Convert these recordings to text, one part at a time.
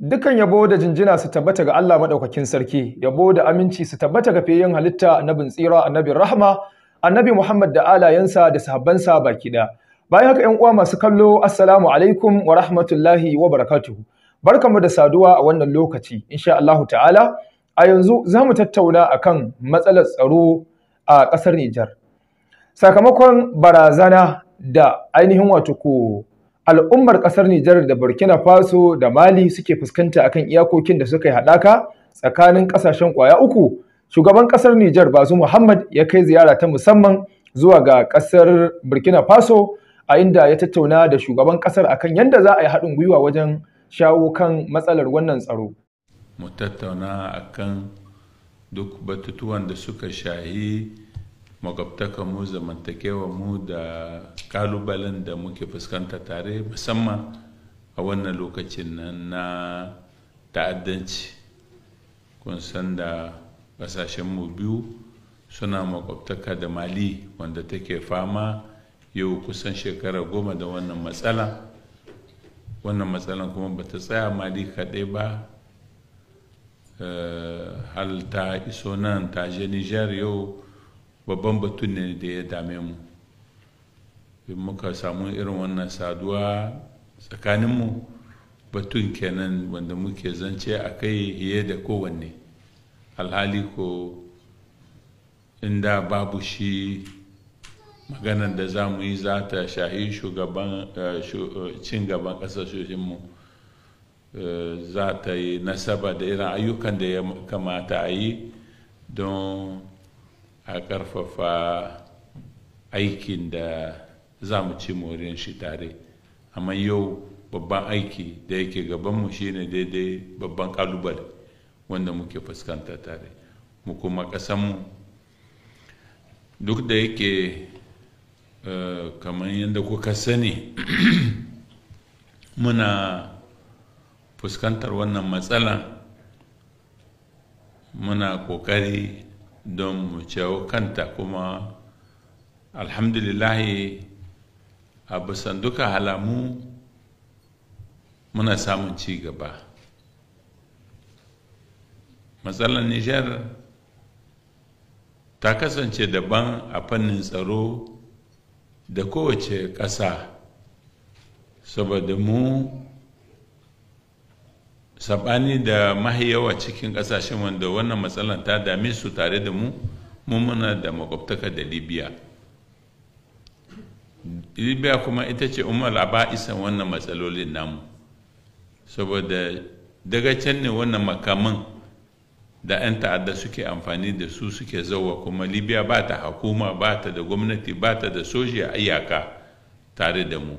Dukan yabo da jinjina su tabbata ga Allah maɗaukakin sarki, yabo da aminci su tabbata ga fiyayyen halitta annabin tsira annabin rahama, annabi Muhammad da alayensa da sahabbansa baki ɗaya. Bayan haka ‘yan uwa masu kallo, Assalamu alaikum wa rahmatullahi wa barakatuhu. mu da saduwa a wannan lokaci, insha Allah ta'ala. A yanzu za mu tattauna kan matsalar tsaro a ƙasar Nijar. Sakamakon barazana da ainihin wato ko al'ummar ƙasar Nijar da Burkina Faso da Mali suke fuskanta akan iyakokin da suka yi haɗaka tsakanin ƙasashen ƙwaya uku, shugaban ƙasar Nijar Bazu Muhammad ya kai ziyara ta musamman zuwa ga ƙasar Burkina Faso a inda ya tattauna da shugaban ƙasar akan yadda za a yi haɗin gwiwa wajen shawo kan matsalar wannan tsaro. Mu tattauna akan duk batutuwan da suka shahi mu zamantakewa mu da kalubalen da muke fuskanta tare musamman a wannan lokacin nan na ta'addanci kun san da mu biyu suna makwabtaka da mali wanda take fama yau kusan shekara goma da wannan matsala wannan matsalan kuma ba ta tsaya mali kaɗai ba eh, hal ta iso nan ta je nijar yau babban batun ne da ya dame mu in muka samu irin wannan saduwa tsakaninmu batun kenan wanda muke zance a kai hiye da kowanne alhali ko inda babu shi maganar da za mu yi za ta shahi shugaban eh, eh, cin gaban mu eh, za ta yi nasaba da irin ayyukan da ya kamata a yi don a ƙarfafa aikin da za mu ci moriyar shi tare amma yau babban aiki da yake gabanmu shine daidai babban kalubale wanda muke fuskanta tare mu kuma ƙasanmu duk da yake eh, kamar yadda kuka sani muna fuskantar wannan matsala muna ƙoƙari don mu cewa kanta kuma alhamdulillahi a bisan duka halamu muna samun ci gaba matsalar nijar ta kasance daban a fannin tsaro da kowace ƙasa saboda mu saɓani da mahiyawa cikin ƙasashen wanda wannan matsalan ta dame su tare da mu mu muna da makwabtaka da libya libya kuma ita ce umar aba'isan wannan matsalolin namu saboda daga can ne wannan makaman da 'yan ta'adda suke amfani da su suke zauwa kuma libya ba ta hakuma ba ta da gwamnati ba ta da soji a iyaka tare da mu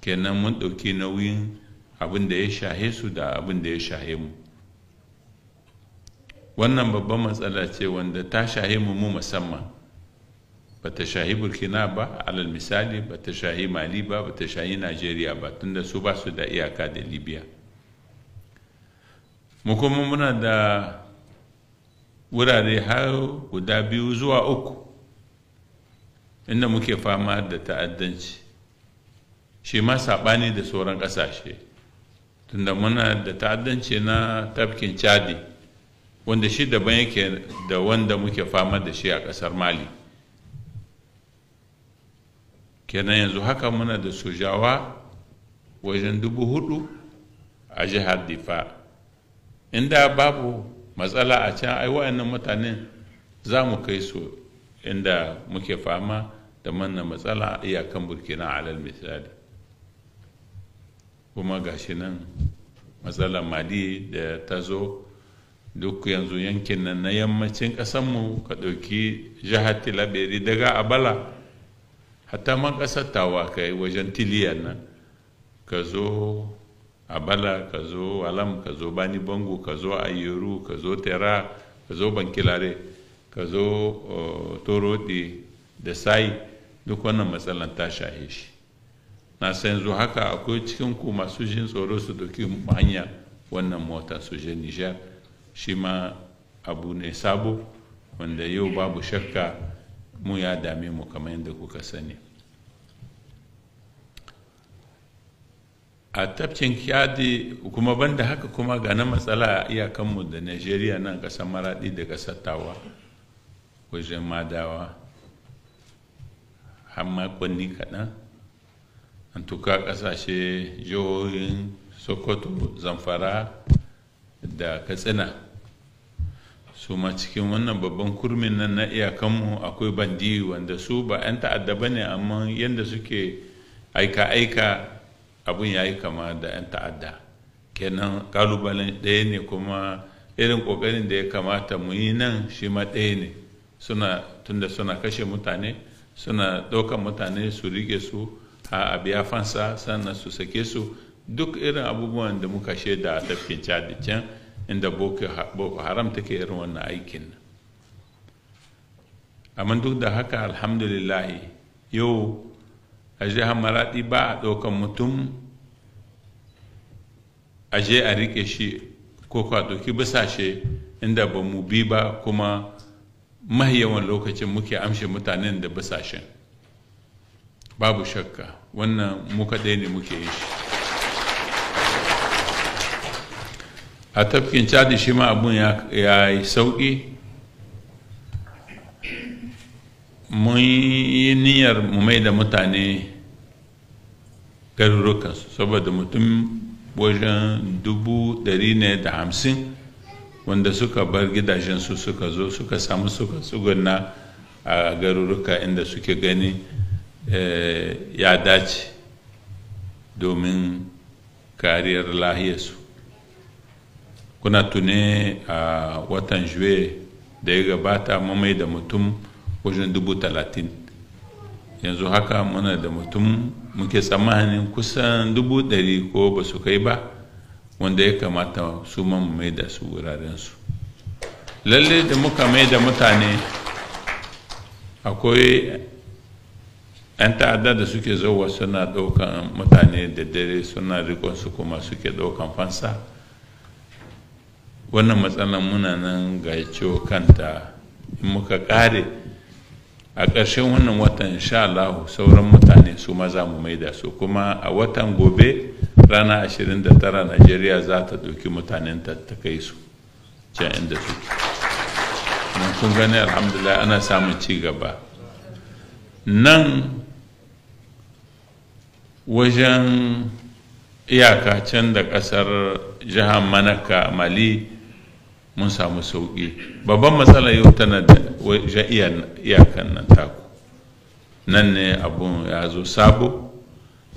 kenan mun ɗauki nauyin abin da ya shahe su da abin da ya shahe mu wannan babban matsala ce wanda ta shahe mu mu musamman ba ta shahi burkina ba alal misali ba ta shahi mali ba ba ta shahi najeriya ba tunda su ba su da iyaka da libya mu kuma muna da wurare har guda biyu zuwa uku inda muke fama da ta'addanci shi ma saɓani da sauran ƙasashe tunda muna da ta'addanci na tafkin chadi wanda shi daban yake da wanda muke fama da shi a ƙasar mali kenan yanzu haka muna da sojawa wajen dubu hudu a jihar difa inda babu matsala a can ai wa'annan mutanen za mu kai su inda muke fama da manna matsala iyakan burkina alal misali kuma gashi nan matsalar mali da ta zo duk yanzu yankin nan na yammacin ƙasanmu ka ɗauki jihar tilaberi daga abala hatta man ƙasar tawa ka yi wajen tiliyan nan ka zo abala ka zo alam ka zo bani bango ka zo ayyuru ka zo tera ka zo bankilare ka zo eh, toroɗi da sai duk wannan matsalan ta shahe shi na san zuwa haka akwai cikin ku masu jin tsoro su doki hanya wannan mota su je nijar shi ma abu ne sabo wanda yau babu shakka mu ya dame mu kamar yadda kuka sani a tafkin kyadi kuma banda haka kuma ga na matsala a iyakanmu da nigeria nan kasar maradi da kasar tawa wajen madawa har makonni kaɗan an tuka kasashe jihohin sokoto zamfara da katsina su ma cikin wannan babban kurmin nan na iyakanmu akwai bandi wanda su ba 'yan ta'adda ba ne amma yadda suke aika-aika abin ya yi kama da 'yan ta'adda kenan kalubalen ɗaya ne kuma irin ƙoƙarin da ya kamata mu yi nan shi ma ɗaya ne suna tunda suna kashe mutane suna ɗaukan mutane su rike su a biya fansa sannan su sake su duk irin abubuwan da muka shaida a tafkin chadi can inda boko haram take irin wannan aikin amma duk da haka alhamdulillahi yau a jihar maradi ba a ɗaukan mutum a je a riƙe shi ko ka ɗauki bisashe inda ba mu bi ba kuma yawan lokacin muke amshe mutanen da bisashen babu shakka wannan muka ɗaya ne muke yi shi a tafkin cadi shi ma abun ya yi sauƙi mun yi niyyar mu mai da mutane garurukansu saboda mutum wajen dubu ɗari ne da hamsin wanda suka bar gidajensu suka zo suka samu suka tsuguna a garuruka inda suke gani Eh, ya dace domin kariyar lahiyarsu kuna tune a watan juwe da ya gabata mamai da mutum wajen dubu talatin yanzu haka muna da mutum muke tsammanin kusan dubu dari ko ba su kai ba wanda ya kamata su mai da su wurarensu lalle da muka mai da mutane akwai 'yan ta'adda da suke zowa suna ɗaukan mutane da dare suna rikon su kuma suke ɗaukan fansa wannan matsalan muna nan ga ciwo kanta in muka kare a ƙarshen wannan watan sha Allahu sauran mutane su ma za mu maida su kuma a watan gobe rana 29 Najeriya za ta ɗauki mutanen ta ta kai su can inda su mun kun gani alhamdulillah ana samun ci gaba nan wajen iyaka can da ƙasar jihar manaka mali mun samu sauƙi babban matsala yau tana da wajen iyakan nan taku nan ne abun ya zo sabo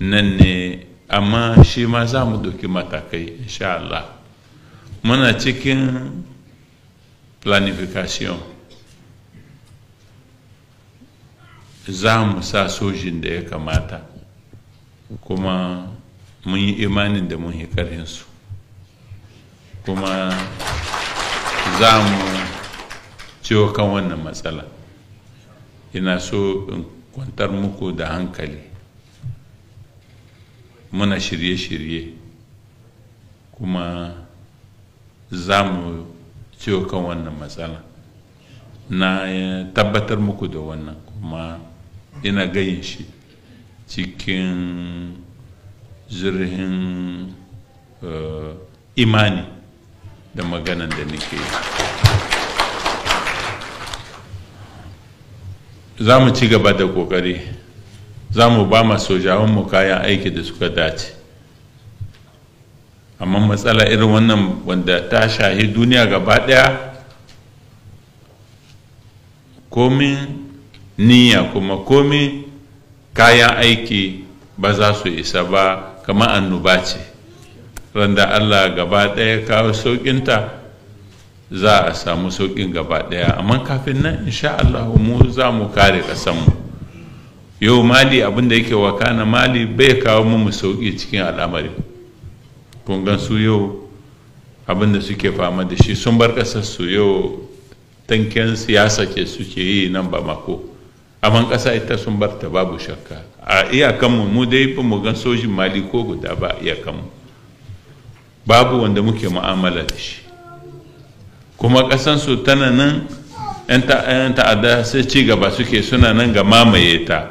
nan ne amma shi ma za mu doki matakai insha Allah muna cikin planification za mu sa sojin da ya kamata kuma mun yi imanin da mun su kuma za mu ciwo kan wannan matsala ina so in kwantar muku da hankali muna shirye-shirye kuma za mu ciwo kan wannan matsala na tabbatar muku da wannan kuma ina gayin shi cikin zirhin eh, imani da maganan da nake za mu ci gaba da kokari za mu ba ma mu kayan aiki da suka dace amma matsala irin wannan wanda ta shahi duniya gaba daya komin niyya kuma komin kayan aiki ba za su isa ba kamar annuba ce randa allah gaba ɗaya kawo sauƙinta za a samu sauƙin gaba ɗaya amma kafin nan insha allah mu za mu kare ƙasanmu yau mali abin da yake wakana mali bai kawo mu sauƙi cikin al'amari kun su yau abin da suke fama da shi sun bar ƙasar su yau tanken siyasa ce suke yi nan ba mako Aman ƙasa ita sun barta babu shakka a iyakanmu mu dai ba mu gan sojin mali ko guda ba iyakanmu babu wanda muke mu'amala da shi kuma ƙasansu tana nan 'yan ta'adda sai ci gaba suke suna nan ga mamaye ta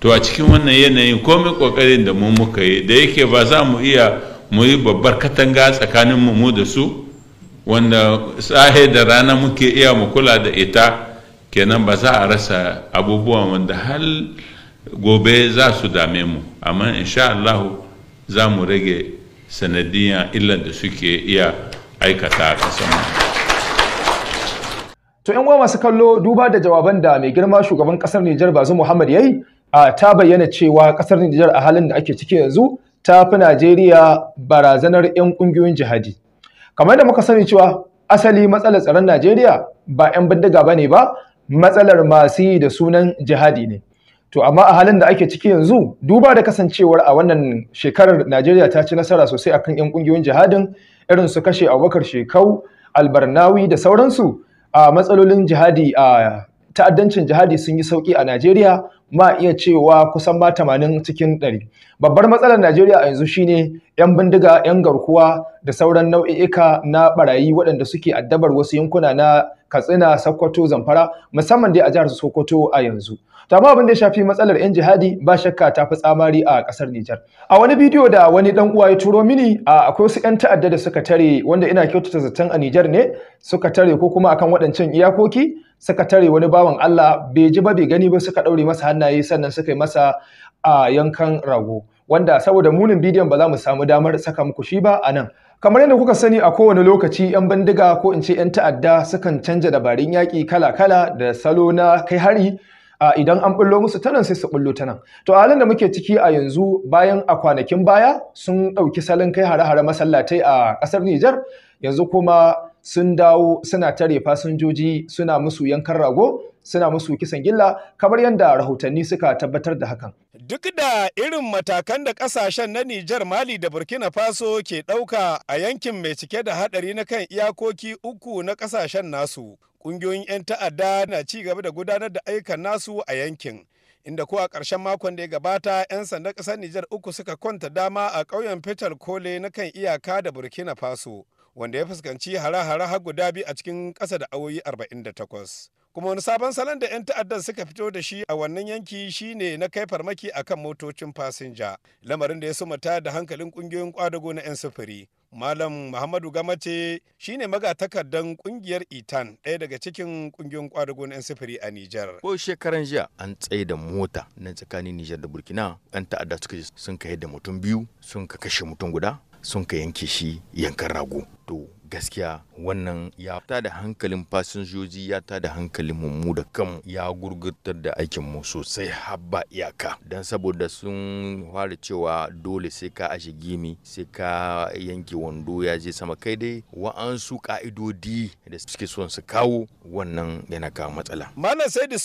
to a cikin wannan yanayin komai ƙoƙarin da mu muka yi da yake ba za mu iya mu yi babbar katanga tsakanin mu da su wanda sahe da rana muke iya mu kula da ita kenan ba za a rasa abubuwa wanda hal gobe za su dame mu amma insha Allah za mu rage sanadiyan illan da suke iya aikata a ƙasar To ‘yan uwa masu kallo duba da jawaban da mai girma shugaban ƙasar Nijar Bazu Muhammad yayi yi ta bayyana cewa ƙasar Nijar a halin da ake ciki yanzu ta fi Najeriya barazanar ‘yan ƙungiyoyin jihadi. Kamar da muka sani cewa asali matsalar tsaron Najeriya ba ‘yan bindiga bane ba matsalar masu yi da sunan jihadi ne to amma a halin da ake ciki yanzu duba da kasancewar a wannan shekarar Najeriya ta ci nasara sosai akan yan kungiyoyin jihadin irin su kashe Abubakar Shekau Albarnawi da sauransu a matsalolin jihadi a ta'addancin jihadi sun yi sauki a Najeriya ma iya cewa kusan ma tamanin cikin ɗari. babbar matsalar Najeriya a yanzu shine yan bindiga yan garkuwa da sauran nau'i'ika na barayi waɗanda suke addabar wasu yankuna na katsina sokoto zamfara musamman dai a jihar sokoto a yanzu to amma abin da ya shafi matsalar yan jihadi ba shakka ta fi tsamari a ƙasar Nijar a wani bidiyo da wani dan uwa ya turo mini akwai wasu yan ta'adda da suka tare wanda ina kyautata zaton a Nijar ne suka tare ko kuma akan waɗancan iyakoki suka tare wani bawan Allah bai ji ba bai gani ba suka ɗaure masa hannaye sannan suka yi masa a yankan rago wanda saboda munin bidiyon ba za mu samu damar saka muku shi ba a nan kamar yadda kuka sani a kowane lokaci 'yan bindiga ko in ce 'yan ta'adda sukan canja dabarun yaƙi kala-kala da salo na kai hari a idan an bullo musu tanan sai su bullo tanan to a halin da muke ciki a yanzu bayan a kwanakin baya sun ɗauki salon kai hare-hare masallatai a ƙasar Nijar yanzu kuma sun dawo suna tare fasinjoji suna musu yankan rago suna musu kisan gilla kamar yadda rahotanni suka tabbatar da hakan. Duk da irin matakan da kasashen na Nijar Mali da Burkina Faso ke ɗauka a yankin mai cike da haɗari na kan iyakoki uku na kasashen nasu, ƙungiyoyin 'yan ta'adda na ci gaba da gudanar da ayyukan nasu a yankin. inda ko a ƙarshen makon da ya gabata 'yan sandan ƙasar Nijar uku suka kwanta dama a ƙauyen Fetal Kole na kan iyaka da Burkina Faso. wanda ya fuskanci hara hare har guda biyu a cikin ƙasa da awoyi 48 kuma wani sabon salon da 'yan ta'addan suka fito da shi a wannan yanki shine na kai farmaki akan motocin fasinja lamarin da ya sumata da hankalin ƙungiyoyin ƙwadago na 'yan sufuri malam muhammadu gamace shine magatakardan ƙungiyar itan ɗaya daga cikin ƙungiyoyin ƙwadago na 'yan sufuri a nijar ko shekaran jiya an tsaye da mota na tsakanin nijar da burkina 'yan ta'adda suka sun kai da mutum biyu sun ka kashe mutum guda sun ka yanke shi yankan rago to gaskiya wannan ya ta da hankalin fasinjoji ya ta da hankalin mu da kan ya gurgurtar da aikinmu sosai ba iyaka don saboda sun fara cewa dole sai ka ashe gimi sai ka yanke wando ya je sama kai dai wa'ansu ka'idodi da suke son su kawo wannan yana kawo matsala malam sai da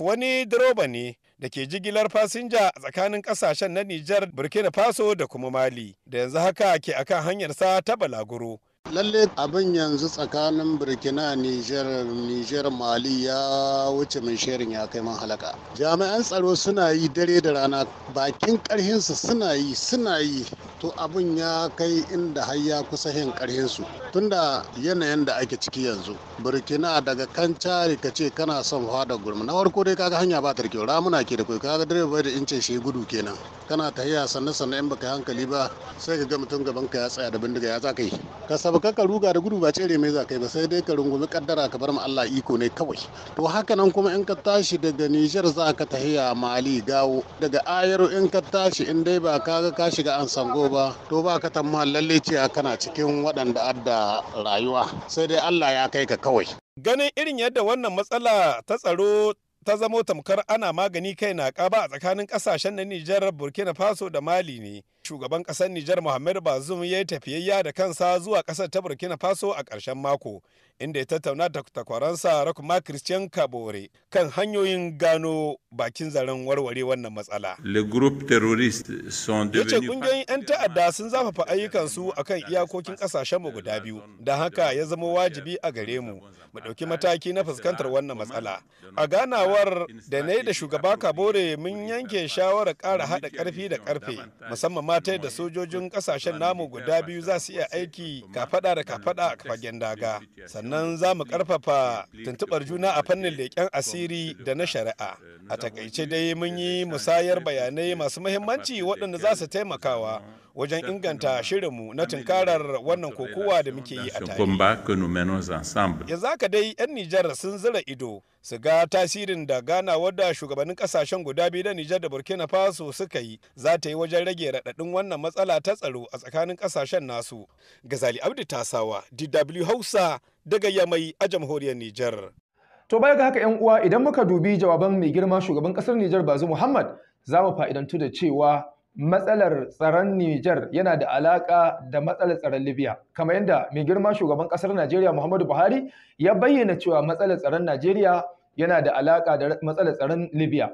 wani direba ne da ke jigilar fasinja a tsakanin kasashen na Nijar, Burkina Faso da kuma Mali, da yanzu haka ke akan hanyarsa ta balaguro. lalle abin yanzu tsakanin burkina niger niger mali ya wuce min shirin ya kai man halaka jami'an tsaro suna yi dare da rana bakin karhinsu suna yi suna yi to abin ya kai inda har ya kusa yin karhinsu tunda yanayin da ake ciki yanzu burkina daga kan cari ka ce kana son fada gurmi na farko dai kaga hanya ba ta kyau ramuna ke da kai kaga bai da incin shi gudu kenan kana tahiya sanne sanne in baka hankali ba sai ka ga mutum gaban ka ya tsaya da bindiga ya za ka yi abu ka ruga da gudu ba cire mai kai ba sai dai ka rungumi kaddara ka bar ma Allah iko ne kawai to haka nan kuma in ka tashi daga Niger za ka tahiya Mali gawo daga Ayero in ka tashi in dai ba ka ga ka shiga an ba to ba ka tamma lalle ce kana cikin waɗanda adda rayuwa sai dai Allah ya kai ka kawai ganin irin yadda wannan matsala ta tsaro ta zamo tamkar ana magani kai na ƙaba a tsakanin ƙasashen na Niger Burkina Faso da Mali ne. shugaban kasar Nijar Muhammadu Bazoum ya yi tafiyayya da kansa zuwa kasar ta Burkina Faso a ƙarshen mako, inda ya tattauna da takwaransa Rakuma Christian Kabore kan hanyoyin gano bakin zaren warware wannan matsala. Ya ce kungiyoyin 'yan ta'adda sun zafafa ayyukansu a kan iyakokin mu guda biyu, da haka ya zama wajibi a gare mu, mu ɗauki mataki na fuskantar wannan matsala. A ganawar da na da shugaba Kabore mun yanke shawarar kara haɗa karfi da karfe musamman kuma da sojojin kasashen namu guda biyu za su iya aiki kafada da kafada a fagen daga sannan za mu karfafa tuntubar juna a fannin leƙen asiri da na shari'a a takaice dai mun yi musayar bayanai masu muhimmanci waɗanda za su taimakawa wajen inganta shirinmu na tunkarar wannan kokowa da muke yi a tare. Yanzu haka dai 'yan Nijar sun zira ido su ga tasirin da gana wadda shugabannin kasashen guda biyu da Nijar da Burkina Faso suka yi za ta yi wajen rage raɗaɗin wannan matsala ta tsaro a tsakanin kasashen nasu. Gazali Abdi Tasawa, DW Hausa daga Yamai a jamhuriyar Nijar. To baya ga haka 'yan uwa idan muka dubi jawaban mai girma shugaban kasar Nijar Bazu Muhammad za mu fa'idantu da cewa matsalar tsaron Nijar yana da alaƙa da matsalar tsaron Libya kamar yadda mai girma shugaban ƙasar Najeriya Muhammadu Buhari ya bayyana cewa matsalar tsaron Najeriya yana da alaka da matsalar tsaron Libya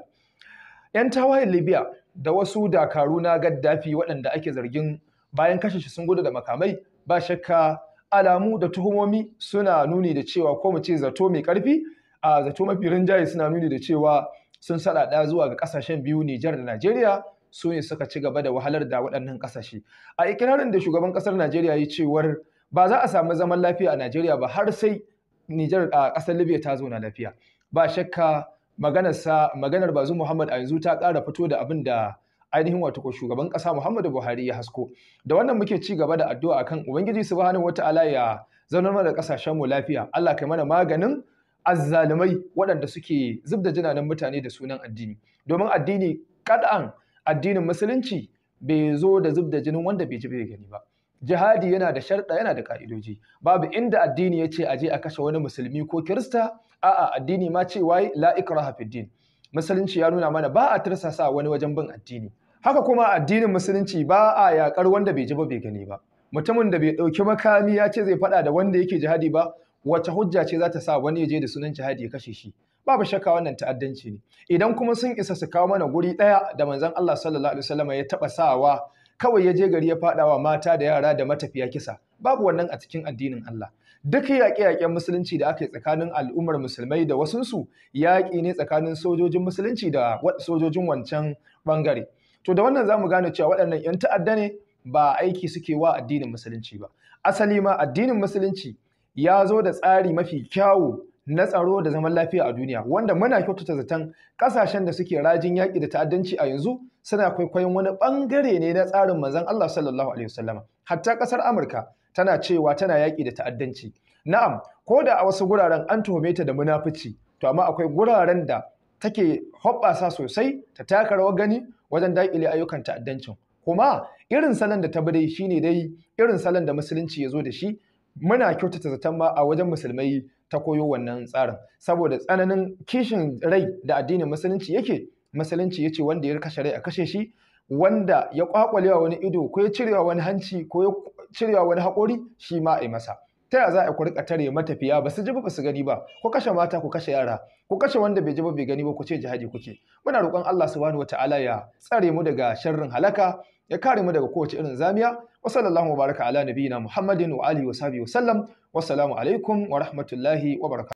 'yan tawayen Libya da wasu dakaru na Gaddafi waɗanda ake zargin bayan kashe shi sun gudu da makamai ba shakka alamu da tuhumomi suna nuni da cewa ko mu ce zato mai karfi a zato mafi rinjaye suna nuni da cewa sun saɗaɗa zuwa ga ƙasashen biyu Nijar da Najeriya su ne suka ci gaba da wahalar da waɗannan ƙasashe a ikirarin da shugaban ƙasar najeriya ya cewar ba za a samu zaman lafiya a najeriya ba har sai nijar a ƙasar libya ta na lafiya ba shakka maganarsa maganar bazu muhammad a yanzu ta ƙara fito da abin da ainihin wato shugaban ƙasa muhammadu buhari ya hasko da wannan muke ci gaba da addu'a akan ubangiji subhanahu wata'ala ya zaunar mana ƙasashen mu lafiya allah kai mana maganin azzalumai waɗanda suke zubda da jinanan mutane da sunan addini domin addini kad'an addinin musulunci bai zo da zub da jinin wanda bai ji bai gani ba jihadi yana da sharɗa yana da ka'idoji babu inda addini ya ce a je a kashe wani musulmi ko kirista a'a addini ma ce wai la ikraha fid din musulunci ya nuna mana ba a tirsasa wani wajen bin addini haka kuma addinin musulunci ba a yakar wanda bai ji ba bai gani ba mutumin da bai ɗauki makami ya ce zai faɗa da wanda yake jihadi ba wace hujja ce za ta sa wani ya je da sunan jihadi ya kashe shi babu shakka wannan ta'addanci ne idan kuma sun isa su kawo mana guri ɗaya da manzon Allah sallallahu alaihi wasallam ya taɓa sawa kawai ya je gari ya faɗawa mata da yara da matafiya kisa babu wannan a cikin addinin Allah duk yaƙe-yaƙen musulunci da aka yi tsakanin al'ummar musulmai da wasunsu yaƙi ne tsakanin sojojin musulunci da sojojin wancan bangare to da wannan zamu mu gane cewa waɗannan 'yan ta'adda ne ba aiki suke wa addinin musulunci ba asali ma addinin musulunci ya zo da tsari mafi kyawu na tsaro da zaman lafiya a duniya wanda muna kyautata zaton kasashen da suke rajin yaƙi da ta'addanci a yanzu suna kwaikwayon wani ɓangare ne na tsarin manzon Allah sallallahu alaihi wasallam hatta ƙasar Amurka tana cewa tana yaƙi da ta'addanci na'am ko da a wasu guraren an tuhume ta da munafici to amma akwai guraren da take hoɓɓasa sosai ta taka rawar gani wajen daƙile ayyukan ta'addancin kuma irin salon da ta bi dai shine dai irin salon da musulunci ya zo da shi muna kyautata zaton ma a wajen musulmai ta koyo wannan tsarin saboda tsananin kishin rai da addinin musulunci yake musulunci yace wanda ya kashe rai a kashe shi wanda ya kwakwalewa wani ido ko ya cirewa wani hanci ko ya cirewa wani haƙori shi ma a yi masa ta yaya za a ku rika tare matafiya ba su ji ba su gani ba ko kashe mata ku kashe yara ko kashe wanda bai ji ba bai gani ba ku ce jihadi kuke muna roƙon Allah subhanahu wataala ya tsare mu daga sharrin halaka ya kare mu daga kowace irin zamiya wa sallallahu wa ala nabiyina muhammadin wa alihi wa sahbihi wa sallam wassalamu alaikum wa rahmatullahi wa barakatuh